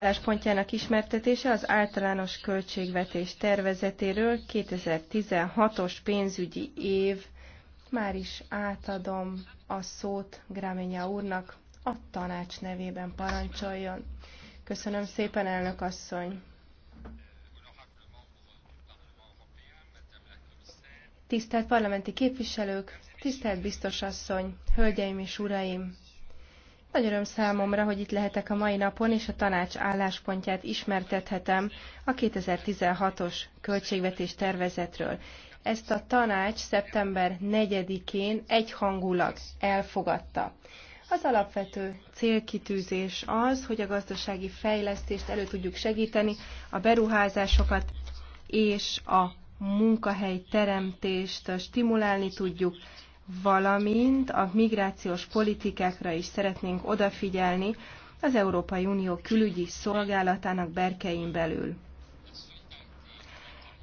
álláspontjának ismertetése az általános költségvetés tervezetéről 2016-os pénzügyi év. Már is átadom a szót Gráménya úrnak, a tanács nevében parancsoljon. Köszönöm szépen, elnök asszony! Tisztelt parlamenti képviselők, tisztelt biztosasszony, hölgyeim és uraim! Nagy öröm számomra, hogy itt lehetek a mai napon, és a tanács álláspontját ismertethetem a 2016-os költségvetés tervezetről. Ezt a tanács szeptember 4-én egyhangulag elfogadta. Az alapvető célkitűzés az, hogy a gazdasági fejlesztést elő tudjuk segíteni, a beruházásokat és a munkahely teremtést stimulálni tudjuk, valamint a migrációs politikákra is szeretnénk odafigyelni az Európai Unió külügyi szolgálatának berkein belül.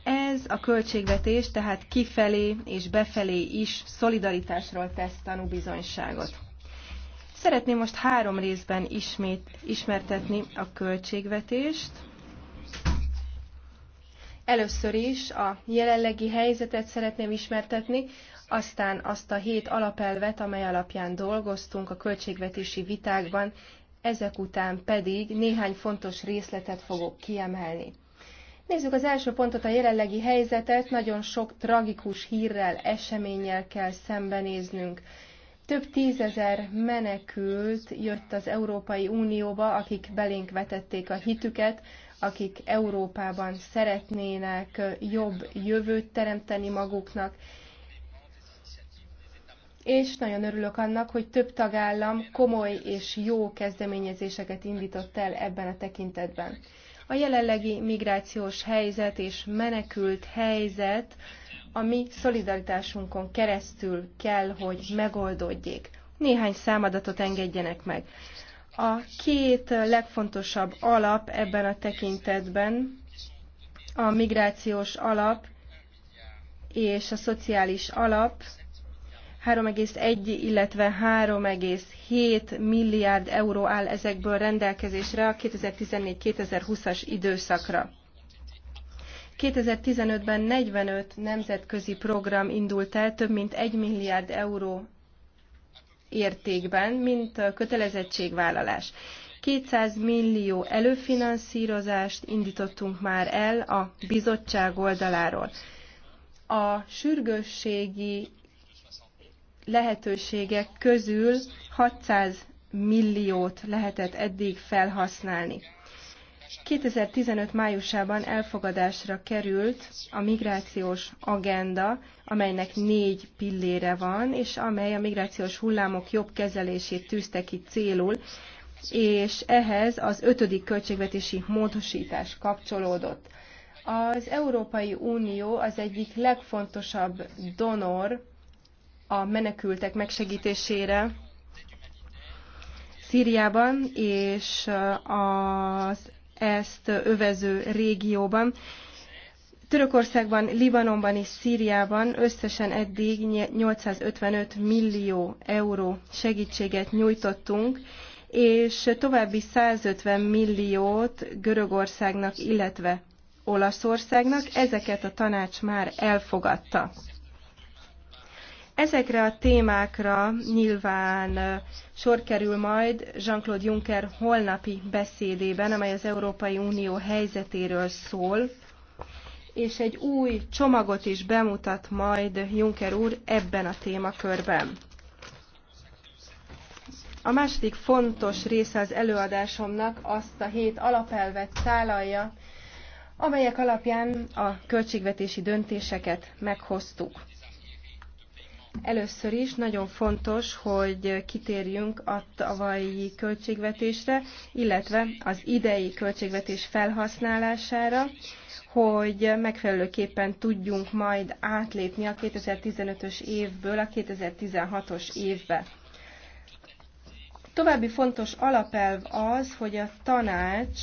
Ez a költségvetés tehát kifelé és befelé is szolidaritásról tesz tanúbizonyságot. Szeretném most három részben ismét ismertetni a költségvetést. Először is a jelenlegi helyzetet szeretném ismertetni, aztán azt a hét alapelvet, amely alapján dolgoztunk a költségvetési vitákban, ezek után pedig néhány fontos részletet fogok kiemelni. Nézzük az első pontot, a jelenlegi helyzetet. Nagyon sok tragikus hírrel, eseménnyel kell szembenéznünk. Több tízezer menekült jött az Európai Unióba, akik belénk vetették a hitüket, akik Európában szeretnének jobb jövőt teremteni maguknak, és nagyon örülök annak, hogy több tagállam komoly és jó kezdeményezéseket indított el ebben a tekintetben. A jelenlegi migrációs helyzet és menekült helyzet a mi szolidaritásunkon keresztül kell, hogy megoldódjék. Néhány számadatot engedjenek meg. A két legfontosabb alap ebben a tekintetben a migrációs alap és a szociális alap 3,1, illetve 3,7 milliárd euró áll ezekből rendelkezésre a 2014-2020-as időszakra. 2015-ben 45 nemzetközi program indult el több mint 1 milliárd euró értékben, mint kötelezettségvállalás. 200 millió előfinanszírozást indítottunk már el a bizottság oldaláról. A sürgősségi lehetőségek közül 600 milliót lehetett eddig felhasználni. 2015 májusában elfogadásra került a migrációs agenda, amelynek négy pillére van, és amely a migrációs hullámok jobb kezelését tűzte ki célul, és ehhez az ötödik költségvetési módosítás kapcsolódott. Az Európai Unió az egyik legfontosabb donor a menekültek megsegítésére Szíriában és az ezt övező régióban. Törökországban, Libanonban és Szíriában összesen eddig 855 millió euró segítséget nyújtottunk, és további 150 milliót Görögországnak, illetve Olaszországnak. Ezeket a tanács már elfogadta. Ezekre a témákra nyilván sor kerül majd Jean-Claude Juncker holnapi beszédében, amely az Európai Unió helyzetéről szól, és egy új csomagot is bemutat majd Juncker úr ebben a témakörben. A második fontos része az előadásomnak azt a hét alapelvet szállalja, amelyek alapján a költségvetési döntéseket meghoztuk. Először is nagyon fontos, hogy kitérjünk a tavalyi költségvetésre, illetve az idei költségvetés felhasználására, hogy megfelelőképpen tudjunk majd átlépni a 2015-ös évből a 2016-os évbe. További fontos alapelv az, hogy a tanács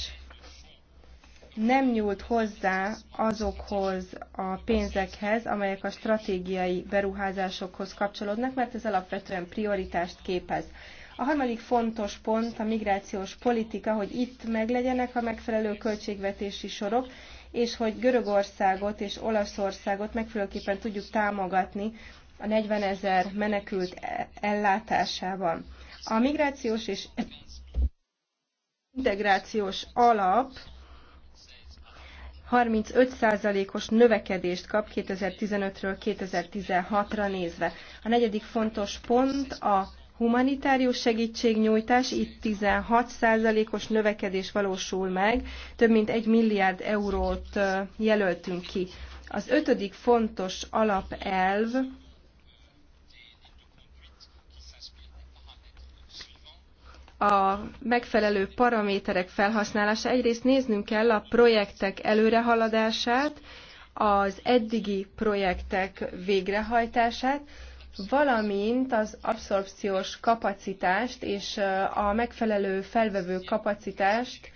nem nyúlt hozzá azokhoz a pénzekhez, amelyek a stratégiai beruházásokhoz kapcsolódnak, mert ez alapvetően prioritást képez. A harmadik fontos pont a migrációs politika, hogy itt meglegyenek a megfelelő költségvetési sorok, és hogy Görögországot és Olaszországot megfelelőképpen tudjuk támogatni a 40 ezer menekült ellátásában. A migrációs és integrációs alap 35%-os növekedést kap 2015-ről 2016-ra nézve. A negyedik fontos pont a humanitárius segítségnyújtás, itt 16%-os növekedés valósul meg, több mint 1 milliárd eurót jelöltünk ki. Az ötödik fontos alapelv a megfelelő paraméterek felhasználása. Egyrészt néznünk kell a projektek előrehaladását, az eddigi projektek végrehajtását, valamint az abszorpciós kapacitást és a megfelelő felvevő kapacitást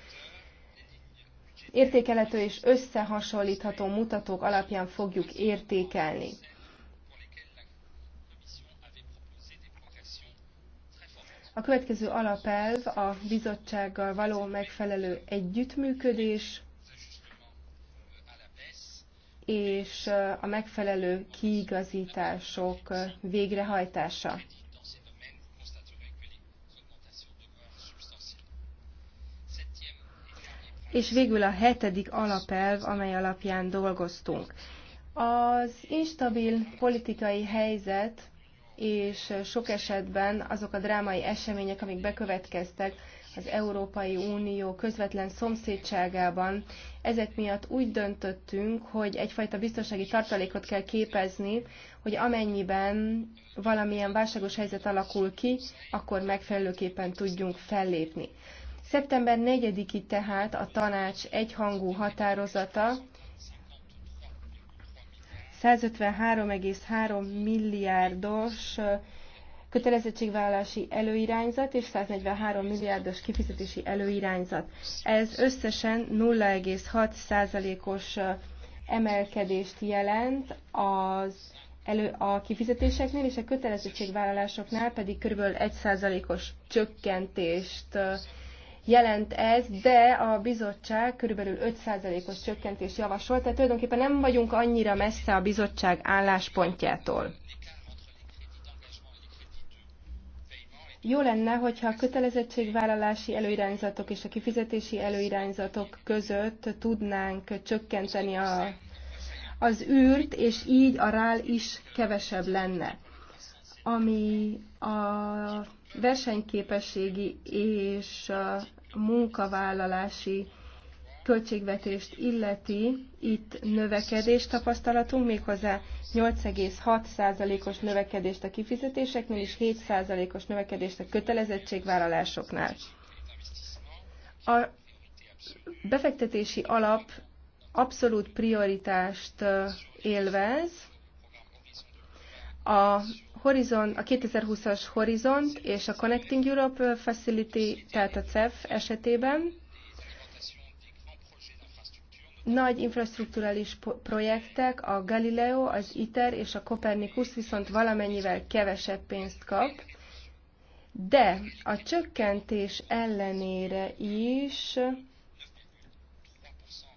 értékelhető és összehasonlítható mutatók alapján fogjuk értékelni. A következő alapelv a bizottsággal való megfelelő együttműködés, és a megfelelő kiigazítások végrehajtása. És végül a hetedik alapelv, amely alapján dolgoztunk. Az instabil politikai helyzet és eh, sok esetben azok a drámai események, amik bekövetkeztek az Európai Unió közvetlen szomszédságában, ezek miatt úgy döntöttünk, hogy egyfajta biztonsági tartalékot kell képezni, hogy amennyiben valamilyen válságos helyzet alakul ki, akkor megfelelőképpen tudjunk fellépni. Szeptember 4-i tehát a tanács egyhangú határozata 153,3 milliárdos kötelezettségvállalási előirányzat és 143 milliárdos kifizetési előirányzat. Ez összesen 0,6%-os emelkedést jelent az elő a kifizetéseknél és a kötelezettségvállalásoknál pedig kb. 1%-os csökkentést jelent ez, de a bizottság körülbelül 5%-os csökkentést javasolt, tehát tulajdonképpen nem vagyunk annyira messze a bizottság álláspontjától. Jó lenne, hogyha a kötelezettségvállalási előirányzatok és a kifizetési előirányzatok között tudnánk csökkenteni a, az űrt, és így a rál is kevesebb lenne. Ami a versenyképességi és munkavállalási költségvetést illeti, itt növekedést tapasztalatunk, méghozzá 8,6%-os növekedést a kifizetéseknél és 7%-os növekedést a kötelezettségvállalásoknál. A befektetési alap abszolút prioritást élvez, a horizon, a 2020-as Horizont és a Connecting Europe Facility, tehát a CEF esetében nagy infrastruktúrális projektek, a Galileo, az ITER és a Copernicus viszont valamennyivel kevesebb pénzt kap, de a csökkentés ellenére is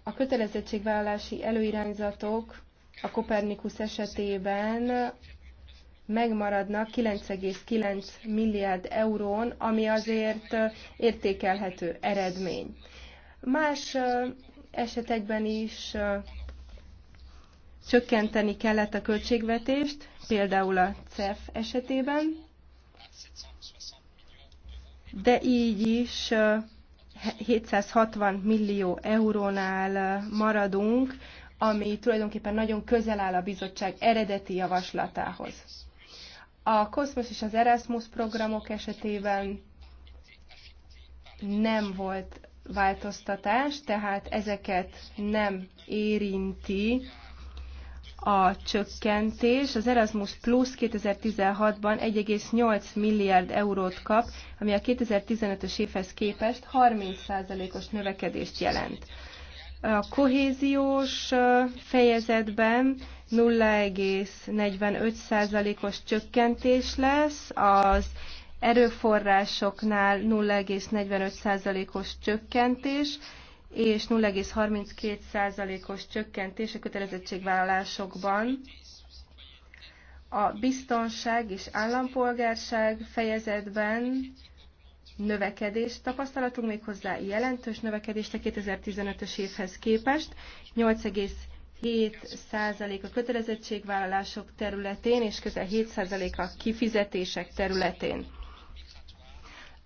a kötelezettségvállalási előirányzatok a Kopernikus esetében megmaradnak 9,9 milliárd eurón, ami azért értékelhető eredmény. Más esetekben is csökkenteni kellett a költségvetést, például a CEF esetében, de így is 760 millió eurónál maradunk, ami tulajdonképpen nagyon közel áll a bizottság eredeti javaslatához. A Cosmos és az Erasmus programok esetében nem volt változtatás, tehát ezeket nem érinti a csökkentés. Az Erasmus Plus 2016-ban 1,8 milliárd eurót kap, ami a 2015-ös évhez képest 30%-os növekedést jelent. A kohéziós fejezetben 0,45%-os csökkentés lesz, az erőforrásoknál 0,45%-os csökkentés, és 0,32%-os csökkentés a kötelezettségvállalásokban. A biztonság és állampolgárság fejezetben növekedés. tapasztalatunk, méghozzá jelentős növekedést a 2015-ös évhez képest. 8,7% a kötelezettségvállalások területén, és közel 7% a kifizetések területén.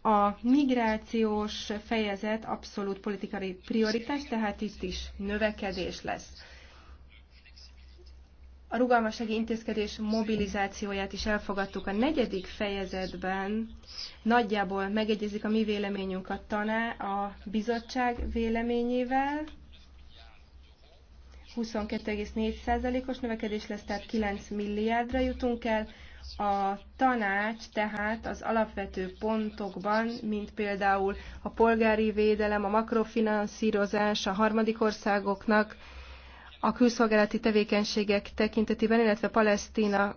A migrációs fejezet abszolút politikai prioritás, tehát itt is növekedés lesz. A rugalmassági intézkedés mobilizációját is elfogadtuk a negyedik fejezetben. Nagyjából megegyezik a mi véleményünk a taná a bizottság véleményével. 22,4%-os növekedés lesz, tehát 9 milliárdra jutunk el. A tanács tehát az alapvető pontokban, mint például a polgári védelem, a makrofinanszírozás a harmadik országoknak, a külszolgálati tevékenységek tekintetében, illetve Palesztina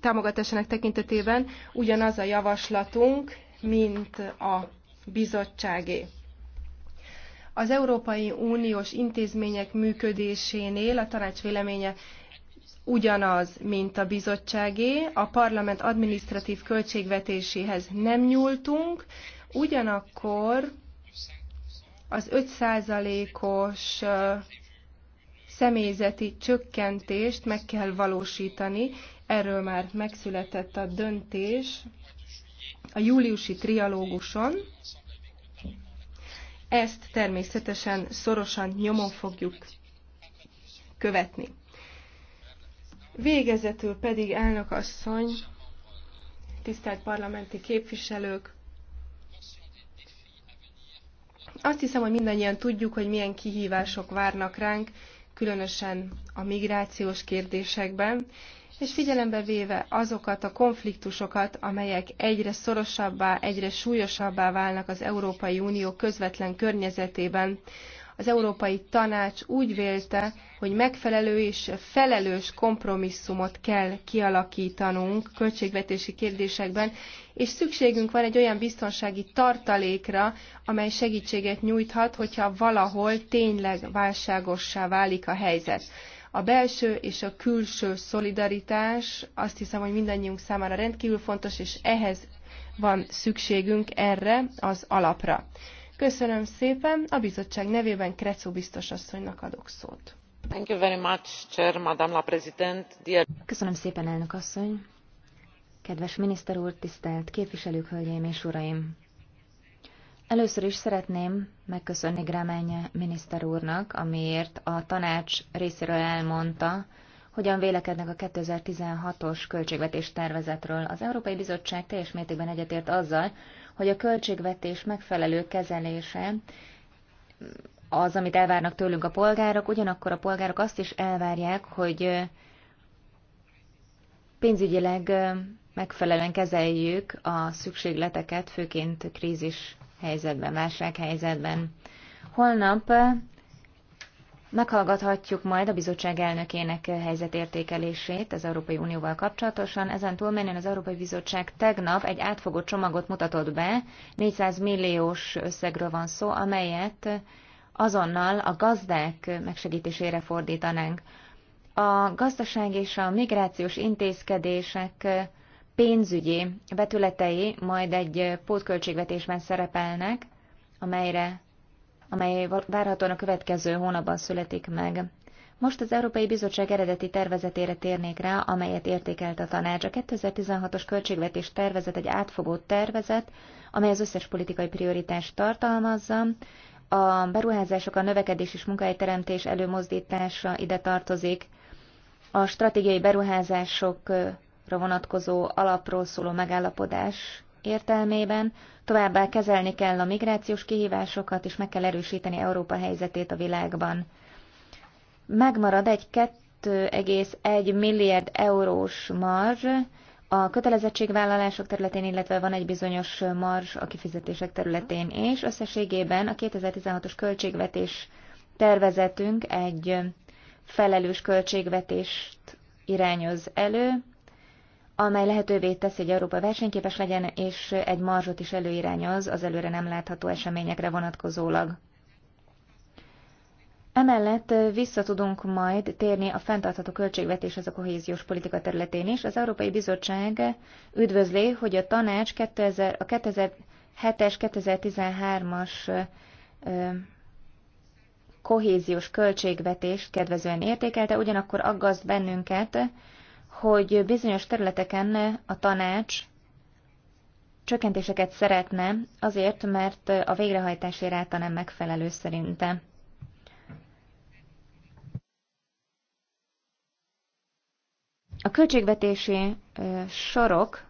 támogatásának tekintetében ugyanaz a javaslatunk, mint a bizottságé. Az Európai Uniós intézmények működésénél a tanács véleménye ugyanaz, mint a bizottságé. A parlament adminisztratív költségvetéséhez nem nyúltunk, ugyanakkor az 5%-os személyzeti csökkentést meg kell valósítani. Erről már megszületett a döntés a júliusi trialóguson. Ezt természetesen szorosan nyomon fogjuk követni. Végezetül pedig elnök asszony, tisztelt parlamenti képviselők, azt hiszem, hogy mindannyian tudjuk, hogy milyen kihívások várnak ránk, különösen a migrációs kérdésekben, és figyelembe véve azokat a konfliktusokat, amelyek egyre szorosabbá, egyre súlyosabbá válnak az Európai Unió közvetlen környezetében, az Európai Tanács úgy vélte, hogy megfelelő és felelős kompromisszumot kell kialakítanunk költségvetési kérdésekben, és szükségünk van egy olyan biztonsági tartalékra, amely segítséget nyújthat, hogyha valahol tényleg válságossá válik a helyzet. A belső és a külső szolidaritás azt hiszem, hogy mindannyiunk számára rendkívül fontos, és ehhez van szükségünk erre az alapra. Köszönöm szépen, a bizottság nevében Krecó biztos asszonynak adok szót. Thank you very much, Chair, Madame la President. Dear... Köszönöm szépen, elnök asszony. Kedves miniszter úr, tisztelt képviselők, hölgyeim és uraim! Először is szeretném megköszönni Gráménye miniszter úrnak, amiért a tanács részéről elmondta, hogyan vélekednek a 2016-os költségvetés tervezetről. Az Európai Bizottság teljes mértékben egyetért azzal, hogy a költségvetés megfelelő kezelése az, amit elvárnak tőlünk a polgárok, ugyanakkor a polgárok azt is elvárják, hogy pénzügyileg megfelelően kezeljük a szükségleteket, főként krízis helyzetben, válsághelyzetben. Holnap Meghallgathatjuk majd a bizottság elnökének helyzetértékelését az Európai Unióval kapcsolatosan. Ezen túlmenően az Európai Bizottság tegnap egy átfogó csomagot mutatott be, 400 milliós összegről van szó, amelyet azonnal a gazdák megsegítésére fordítanánk. A gazdaság és a migrációs intézkedések pénzügyi vetületei majd egy pótköltségvetésben szerepelnek, amelyre amely várhatóan a következő hónapban születik meg. Most az Európai Bizottság eredeti tervezetére térnék rá, amelyet értékelt a tanács. A 2016-os költségvetés tervezet egy átfogó tervezet, amely az összes politikai prioritást tartalmazza. A beruházások, a növekedés és munkahelyteremtés előmozdítása ide tartozik. A stratégiai beruházásokra vonatkozó alapról szóló megállapodás értelmében, továbbá kezelni kell a migrációs kihívásokat, és meg kell erősíteni Európa helyzetét a világban. Megmarad egy 2,1 milliárd eurós marzs a kötelezettségvállalások területén, illetve van egy bizonyos marzs a kifizetések területén, és összességében a 2016-os költségvetés tervezetünk egy felelős költségvetést irányoz elő, amely lehetővé teszi, hogy Európa versenyképes legyen, és egy marzsot is előirányoz az előre nem látható eseményekre vonatkozólag. Emellett vissza tudunk majd térni a fenntartható költségvetéshez a kohéziós politika területén is. Az Európai Bizottság üdvözli, hogy a tanács 2000, a 2007-es, 2013-as kohéziós költségvetést kedvezően értékelte, ugyanakkor aggaszt bennünket, hogy bizonyos területeken a tanács csökkentéseket szeretne, azért, mert a végrehajtási ráta nem megfelelő szerinte. A költségvetési sorok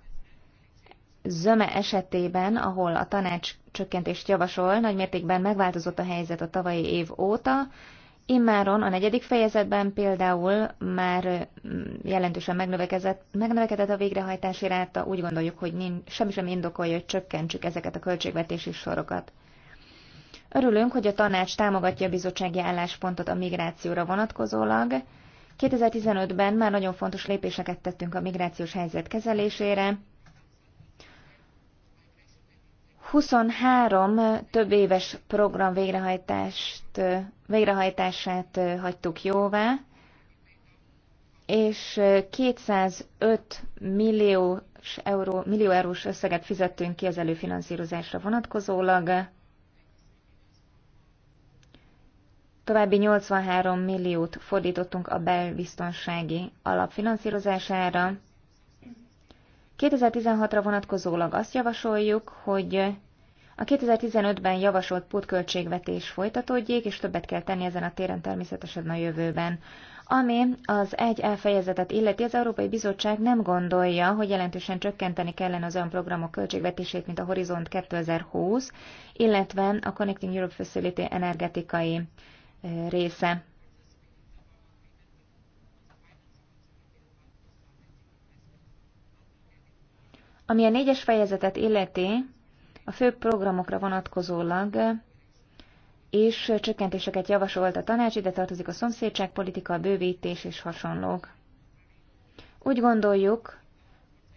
zöme esetében, ahol a tanács csökkentést javasol, nagymértékben megváltozott a helyzet a tavalyi év óta, Immáron a negyedik fejezetben például már mm, jelentősen megnövekedett, megnövekedett a végrehajtási ráta, úgy gondoljuk, hogy nincs, semmi sem indokolja, hogy csökkentsük ezeket a költségvetési sorokat. Örülünk, hogy a tanács támogatja a bizottsági álláspontot a migrációra vonatkozólag. 2015-ben már nagyon fontos lépéseket tettünk a migrációs helyzet kezelésére, 23 több éves program végrehajtást, végrehajtását hagytuk jóvá, és 205 millió euró, millió eurós összeget fizettünk ki az előfinanszírozásra vonatkozólag. További 83 milliót fordítottunk a belbiztonsági alapfinanszírozására, 2016-ra vonatkozólag azt javasoljuk, hogy a 2015-ben javasolt pótköltségvetés folytatódjék, és többet kell tenni ezen a téren természetesen a jövőben. Ami az egy elfejezetet illeti, az Európai Bizottság nem gondolja, hogy jelentősen csökkenteni kellene az olyan programok költségvetését, mint a Horizont 2020, illetve a Connecting Europe Facility energetikai eh, része. Ami a négyes fejezetet illeti, a fő programokra vonatkozólag és csökkentéseket javasolt a tanács, ide tartozik a szomszédságpolitika, a bővítés és hasonlók. Úgy gondoljuk,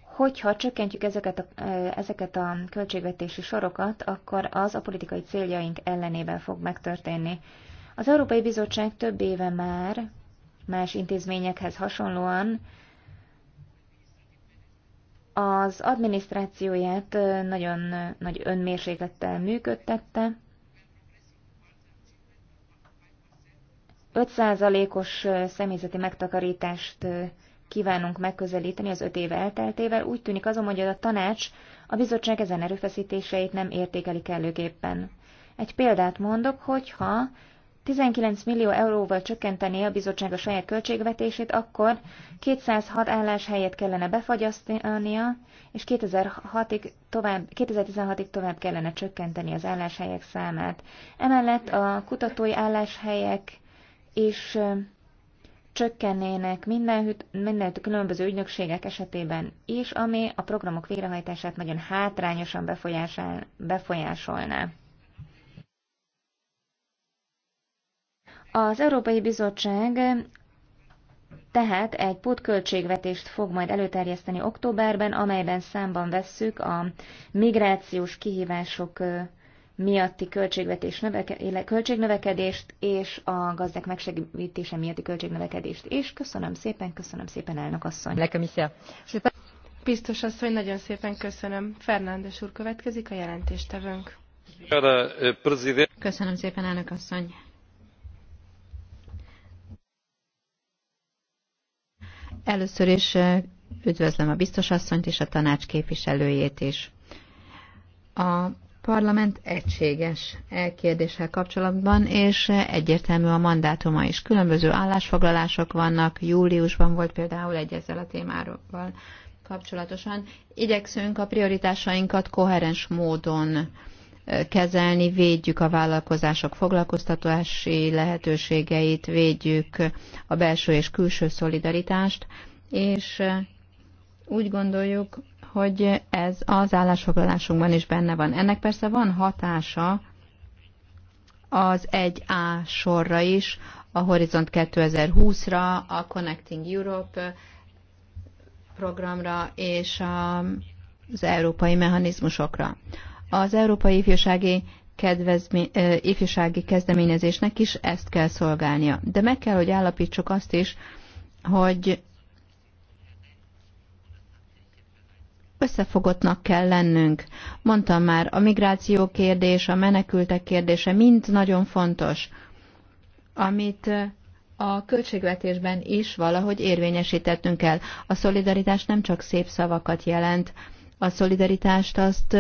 hogyha csökkentjük ezeket a, ezeket a költségvetési sorokat, akkor az a politikai céljaink ellenében fog megtörténni. Az Európai Bizottság több éve már más intézményekhez hasonlóan az adminisztrációját nagyon nagy önmérséklettel működtette. 5%-os személyzeti megtakarítást kívánunk megközelíteni az öt év elteltével. Úgy tűnik azon, hogy a tanács a bizottság ezen erőfeszítéseit nem értékeli kellőképpen. Egy példát mondok, hogyha 19 millió euróval csökkenteni a bizottság a saját költségvetését, akkor 206 állás helyet kellene befagyasztania, és 2006-ig tovább, 2016-ig tovább kellene csökkenteni az álláshelyek számát. Emellett a kutatói álláshelyek is csökkennének mindenütt, mindenütt különböző ügynökségek esetében is, ami a programok végrehajtását nagyon hátrányosan befolyásolná. Az Európai Bizottság tehát egy pótköltségvetést fog majd előterjeszteni októberben, amelyben számban vesszük a migrációs kihívások miatti költségvetés növeke, költségnövekedést és a gazdák megsegítése miatti költségnövekedést. És köszönöm szépen, köszönöm szépen, elnök asszony. Biztos asszony, nagyon szépen köszönöm. Fernándes úr következik, a jelentéstevőnk. Köszönöm szépen, elnök asszony. Először is üdvözlöm a biztosasszonyt és a tanács képviselőjét is. A parlament egységes kérdéssel kapcsolatban, és egyértelmű a mandátuma is. Különböző állásfoglalások vannak, júliusban volt például egy ezzel a témáról kapcsolatosan. Igyekszünk a prioritásainkat koherens módon kezelni, védjük a vállalkozások foglalkoztatási lehetőségeit, védjük a belső és külső szolidaritást, és úgy gondoljuk, hogy ez az állásfoglalásunkban is benne van. Ennek persze van hatása az 1A sorra is, a Horizont 2020-ra, a Connecting Europe programra és az európai mechanizmusokra. Az Európai Ifjúsági kedvezmény ifjúsági kezdeményezésnek is ezt kell szolgálnia. De meg kell, hogy állapítsuk azt is, hogy összefogottnak kell lennünk. Mondtam már, a migráció kérdése, a menekültek kérdése mind nagyon fontos, amit a költségvetésben is valahogy érvényesítettünk el. A szolidaritás nem csak szép szavakat jelent, a szolidaritást azt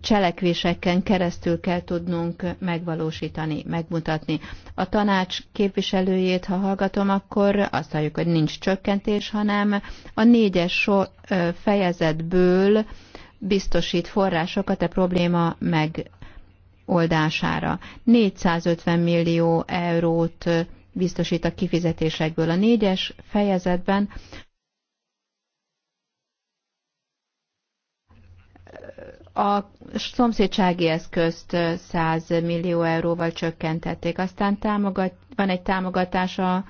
cselekvéseken keresztül kell tudnunk megvalósítani, megmutatni. A tanács képviselőjét, ha hallgatom, akkor azt halljuk, hogy nincs csökkentés, hanem a négyes so, fejezetből biztosít forrásokat a probléma megoldására. 450 millió eurót biztosít a kifizetésekből. A négyes fejezetben a szomszédsági eszközt 100 millió euróval csökkentették. Aztán támogat, van egy támogatás a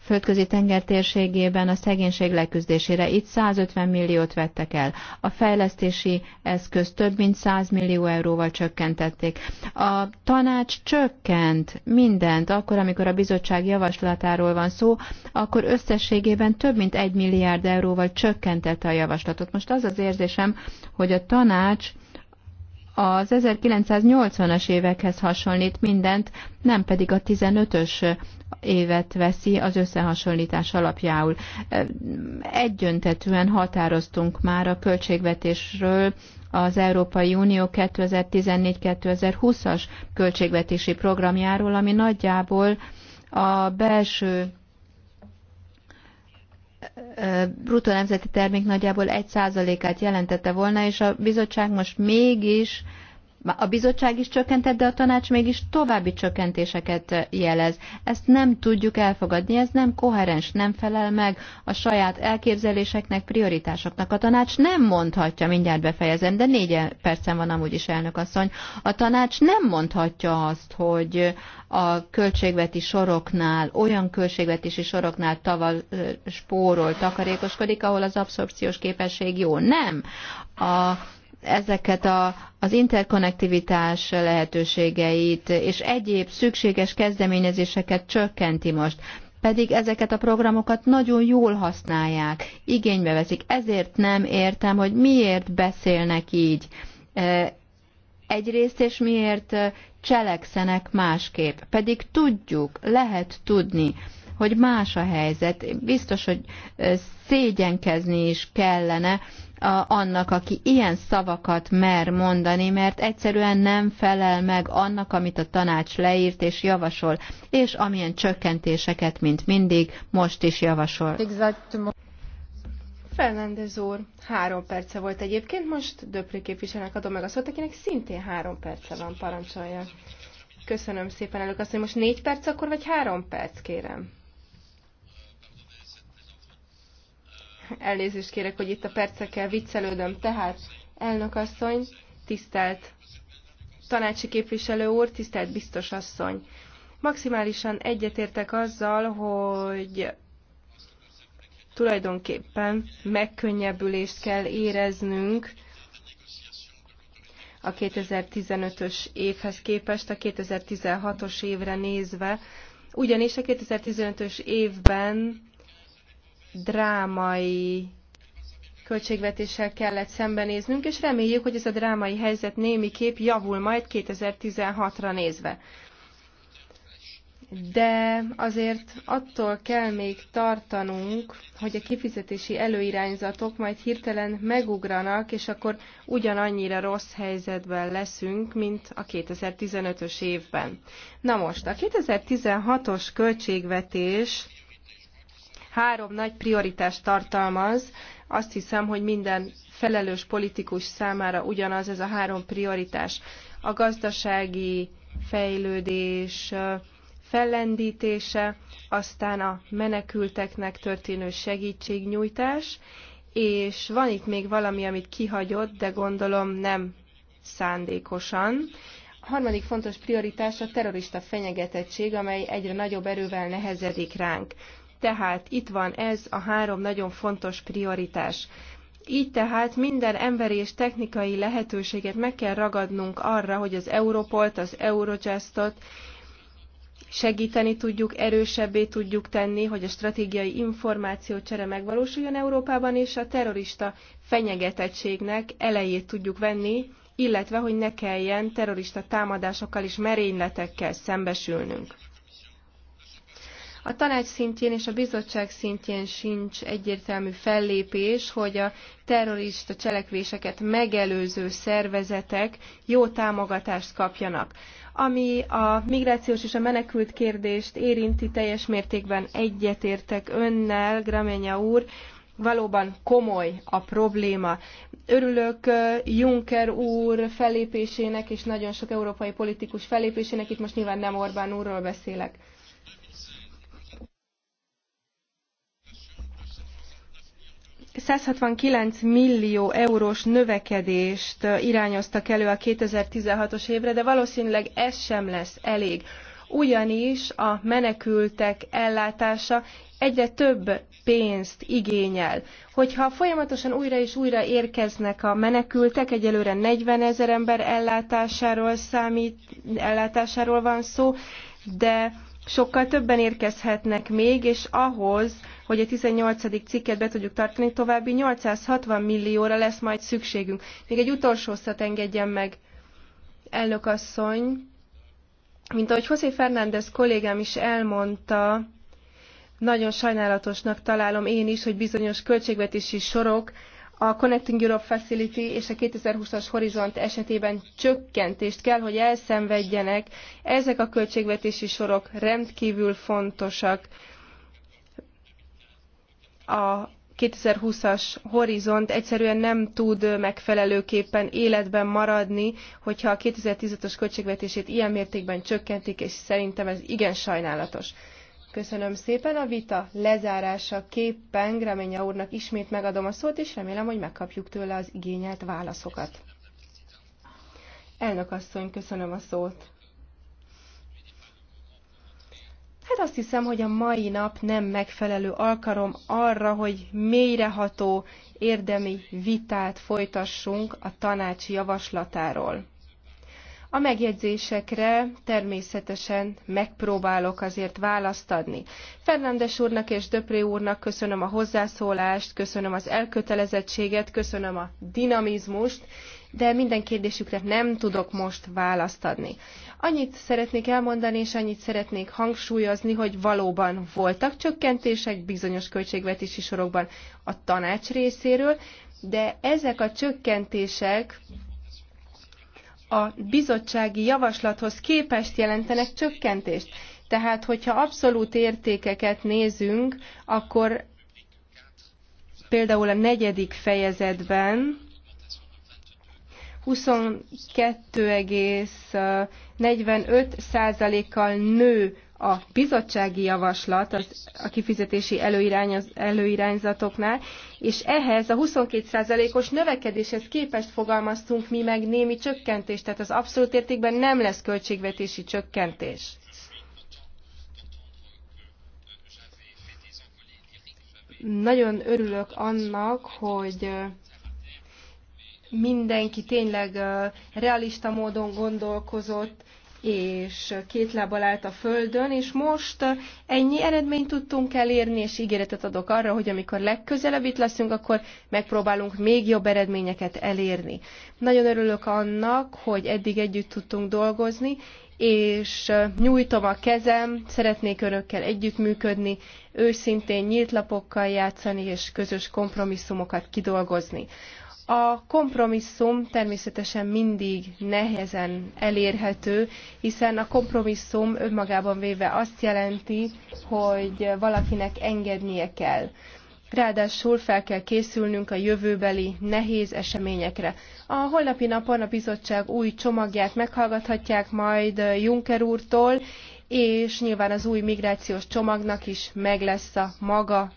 földközi tenger térségében a szegénység leküzdésére. Itt 150 milliót vettek el. A fejlesztési eszköz több mint 100 millió euróval csökkentették. A tanács csökkent mindent, akkor, amikor a bizottság javaslatáról van szó, akkor összességében több mint 1 milliárd euróval csökkentette a javaslatot. Most az az érzésem, hogy a tanács az 1980-as évekhez hasonlít mindent, nem pedig a 15-ös évet veszi az összehasonlítás alapjául. Egyöntetően határoztunk már a költségvetésről, az Európai Unió 2014-2020-as költségvetési programjáról, ami nagyjából a belső bruttó nemzeti termék nagyjából 1%-át jelentette volna, és a bizottság most mégis a bizottság is csökkentett, de a tanács mégis további csökkentéseket eh, jelez. Ezt nem tudjuk elfogadni, ez nem koherens, nem felel meg a saját elképzeléseknek, prioritásoknak. A tanács nem mondhatja, mindjárt befejezem, de négy e- percen van amúgy is elnök asszony. A tanács nem mondhatja azt, hogy a költségveti soroknál, olyan költségvetési soroknál tavaly eh, spórol, takarékoskodik, ahol az abszorpciós képesség jó. Nem. A ezeket a, az interkonnektivitás lehetőségeit és egyéb szükséges kezdeményezéseket csökkenti most pedig ezeket a programokat nagyon jól használják, igénybe veszik. Ezért nem értem, hogy miért beszélnek így e, egyrészt, és miért cselekszenek másképp. Pedig tudjuk, lehet tudni, hogy más a helyzet. Biztos, hogy e, szégyenkezni is kellene, a, annak, aki ilyen szavakat mer mondani, mert egyszerűen nem felel meg annak, amit a tanács leírt és javasol, és amilyen csökkentéseket, mint mindig, most is javasol. Exactement. Fernández úr, három perce volt egyébként, most Döpri képviselőnek adom meg a szót, akinek szintén három perce van, parancsolja. Köszönöm szépen, elők azt, hogy most négy perc, akkor vagy három perc, kérem. elnézést kérek, hogy itt a percekkel viccelődöm. Tehát, elnök asszony, tisztelt tanácsi képviselő úr, tisztelt biztos asszony. Maximálisan egyetértek azzal, hogy tulajdonképpen megkönnyebbülést kell éreznünk a 2015-ös évhez képest, a 2016-os évre nézve, ugyanis a 2015-ös évben drámai költségvetéssel kellett szembenéznünk, és reméljük, hogy ez a drámai helyzet némi kép javul majd 2016-ra nézve. De azért attól kell még tartanunk, hogy a kifizetési előirányzatok majd hirtelen megugranak, és akkor ugyanannyira rossz helyzetben leszünk, mint a 2015-ös évben. Na most, a 2016-os költségvetés három nagy prioritást tartalmaz. Azt hiszem, hogy minden felelős politikus számára ugyanaz ez a három prioritás. A gazdasági fejlődés fellendítése, aztán a menekülteknek történő segítségnyújtás, és van itt még valami, amit kihagyott, de gondolom nem szándékosan. A harmadik fontos prioritás a terrorista fenyegetettség, amely egyre nagyobb erővel nehezedik ránk. Tehát itt van ez a három nagyon fontos prioritás. Így tehát minden emberi és technikai lehetőséget meg kell ragadnunk arra, hogy az Europolt, az Eurojustot segíteni tudjuk, erősebbé tudjuk tenni, hogy a stratégiai információcsere megvalósuljon Európában, és a terrorista fenyegetettségnek elejét tudjuk venni, illetve hogy ne kelljen terrorista támadásokkal és merényletekkel szembesülnünk. A tanács szintjén és a bizottság szintjén sincs egyértelmű fellépés, hogy a terrorista cselekvéseket megelőző szervezetek jó támogatást kapjanak. Ami a migrációs és a menekült kérdést érinti, teljes mértékben egyetértek önnel, Gramenya úr, valóban komoly a probléma. Örülök Juncker úr fellépésének és nagyon sok európai politikus fellépésének, itt most nyilván nem Orbán úrról beszélek. 169 millió eurós növekedést irányoztak elő a 2016-os évre, de valószínűleg ez sem lesz elég. Ugyanis a menekültek ellátása egyre több pénzt igényel. Hogyha folyamatosan újra és újra érkeznek a menekültek, egyelőre 40 ezer ember ellátásáról, számít, ellátásáról van szó, de sokkal többen érkezhetnek még, és ahhoz hogy a 18. cikket be tudjuk tartani, további 860 millióra lesz majd szükségünk. Még egy utolsó szat engedjen meg, elnök asszony. Mint ahogy José Fernández kollégám is elmondta, nagyon sajnálatosnak találom én is, hogy bizonyos költségvetési sorok a Connecting Europe Facility és a 2020-as Horizont esetében csökkentést kell, hogy elszenvedjenek. Ezek a költségvetési sorok rendkívül fontosak a 2020-as horizont egyszerűen nem tud megfelelőképpen életben maradni, hogyha a 2015-ös költségvetését ilyen mértékben csökkentik, és szerintem ez igen sajnálatos. Köszönöm szépen a vita lezárása képpen. reménye úrnak ismét megadom a szót, és remélem, hogy megkapjuk tőle az igényelt válaszokat. Elnök asszony, köszönöm a szót. Hát azt hiszem, hogy a mai nap nem megfelelő alkalom arra, hogy mélyreható érdemi vitát folytassunk a tanács javaslatáról. A megjegyzésekre természetesen megpróbálok azért választ adni. Fernándes úrnak és Döpré úrnak köszönöm a hozzászólást, köszönöm az elkötelezettséget, köszönöm a dinamizmust, de minden kérdésükre nem tudok most választ adni. Annyit szeretnék elmondani, és annyit szeretnék hangsúlyozni, hogy valóban voltak csökkentések bizonyos költségvetési sorokban a tanács részéről, de ezek a csökkentések a bizottsági javaslathoz képest jelentenek csökkentést. Tehát, hogyha abszolút értékeket nézünk, akkor például a negyedik fejezetben 22,45%-kal nő a bizottsági javaslat az, a kifizetési előirány, előirányzatoknál, és ehhez a 22%-os növekedéshez képest fogalmaztunk mi meg némi csökkentést, tehát az abszolút értékben nem lesz költségvetési csökkentés. Nagyon örülök annak, hogy mindenki tényleg realista módon gondolkozott, és két lábbal állt a földön, és most ennyi eredményt tudtunk elérni, és ígéretet adok arra, hogy amikor legközelebb itt leszünk, akkor megpróbálunk még jobb eredményeket elérni. Nagyon örülök annak, hogy eddig együtt tudtunk dolgozni, és nyújtom a kezem, szeretnék önökkel együttműködni, őszintén nyílt lapokkal játszani, és közös kompromisszumokat kidolgozni. A kompromisszum természetesen mindig nehezen elérhető, hiszen a kompromisszum önmagában véve azt jelenti, hogy valakinek engednie kell. Ráadásul fel kell készülnünk a jövőbeli nehéz eseményekre. A holnapi napon a bizottság új csomagját meghallgathatják majd Juncker úrtól, és nyilván az új migrációs csomagnak is meg lesz a maga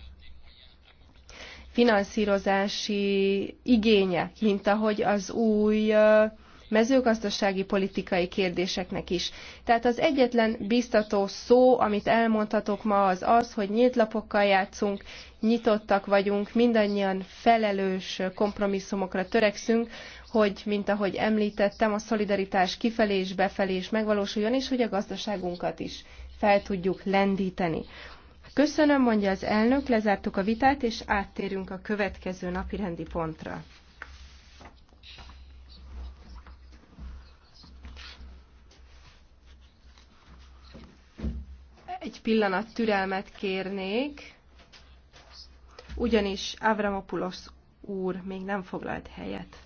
finanszírozási igénye, mint ahogy az új mezőgazdasági politikai kérdéseknek is. Tehát az egyetlen biztató szó, amit elmondhatok ma, az az, hogy nyílt lapokkal játszunk, nyitottak vagyunk, mindannyian felelős kompromisszumokra törekszünk, hogy, mint ahogy említettem, a szolidaritás kifelé és befelé is megvalósuljon, és hogy a gazdaságunkat is fel tudjuk lendíteni. Köszönöm, mondja az elnök, lezártuk a vitát, és áttérünk a következő napi rendi pontra. Egy pillanat türelmet kérnék, ugyanis Avramopoulos úr még nem foglalt helyet.